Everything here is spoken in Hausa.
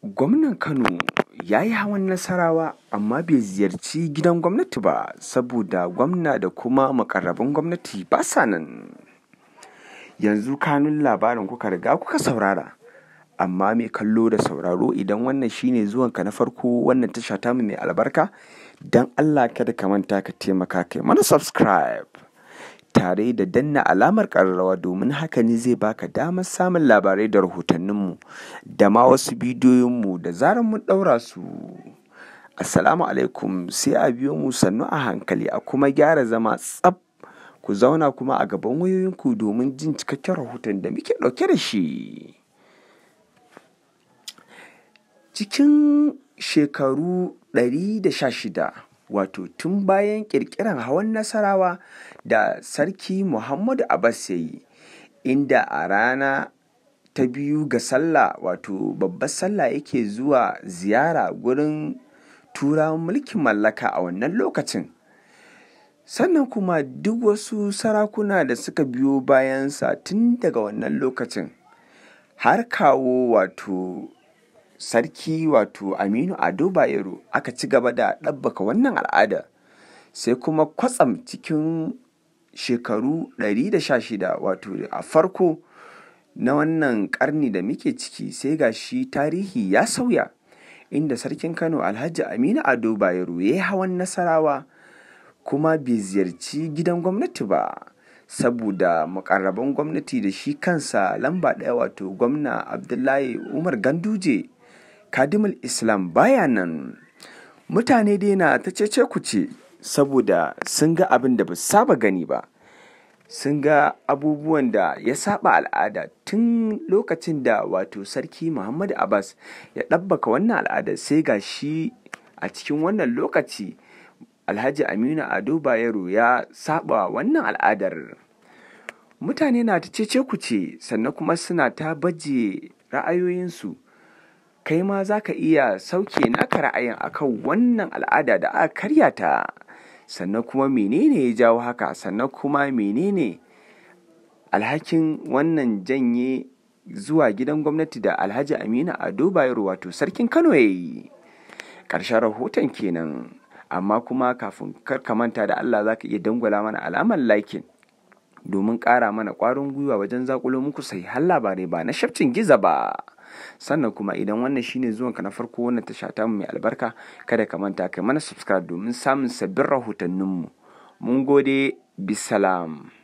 Gwamnan Kano ya yi hawan Nasarawa amma bai ziyarci gidan gwamnati ba saboda gwamna da kuma makarrabin gwamnati ba sa nan. Yanzu kanun labarin kuka riga kuka saurara, amma mai kallo da sauraro idan wannan shine zuwanka na farko wannan tasha tamu mai albarka, don Allah kada ka manta ka taimaka kai mana subscribe. tare da danna alamar ƙararrawa domin haka ne zai baka damar samun labarai da rahotanninmu da ma wasu bidiyoyinmu da zarar mun ɗaura su. Assalamu alaikum sai a biyo mu sannu a hankali a kuma gyara zama tsab ku zauna kuma a gaban wayoyinku domin jin cikakken rahoton da muke ɗauke da shi. Cikin shekaru 116 wato tun bayan ƙirƙirar hawan nasarawa da sarki muhammadu abbas ya yi inda a rana ta biyu ga sallah wato babbar sallah yake zuwa ziyara gurin tura mulkin mallaka a wannan lokacin sannan kuma duk wasu sarakuna da suka biyo bayansa tun daga wannan lokacin har kawo wato sarki wato aminu ado bayero aka ci gaba da ɗabbaka wannan al'ada sai kuma kwatsam cikin shekaru 116 wato a farko na wannan karni da muke ciki sai ga shi tarihi ya sauya inda sarkin kano alhaji aminu ado bayero ya yi hawan nasarawa kuma bai ziyarci gidan gwamnati ba saboda makarraban gwamnati da shi kansa lamba ɗaya wato gwamna abdullahi umar ganduje kadimul islam baya nan mutane dai na ta cece ce saboda sun ga abin da ba saba gani ba sun ga abubuwan da ya saba al'ada tun lokacin da wato sarki muhammadu abbas ya ɗabbaka wannan al'ada sai ga shi a cikin wannan lokaci alhaji aminu ado bayero ya saba wannan al'adar mutane na ta cece ce, sannan kuma suna ta baje ra'ayoyinsu kai ma za ka iya sauke naka ra'ayin kan wannan al'ada da aka karya ta sannan kuma menene ya jawo haka sannan kuma menene alhakin wannan janye zuwa gidan gwamnati da alhaji aminu ado bayero wato sarkin kano ya yi ƙarshen rahoton kenan amma kuma kafin ka manta da allah za ka iya dangwala mana alamar likin domin ƙara mana ƙwarin gwiwa wajen zaƙulo muku sai har labarai ba na shafcin giza ba sannan kuma idan wannan shine zuwan ka na farko wannan ta shata mu mai albarka kada ka manta kai mana subscribe domin samun sabbin rahotannin mu mun gode bisalam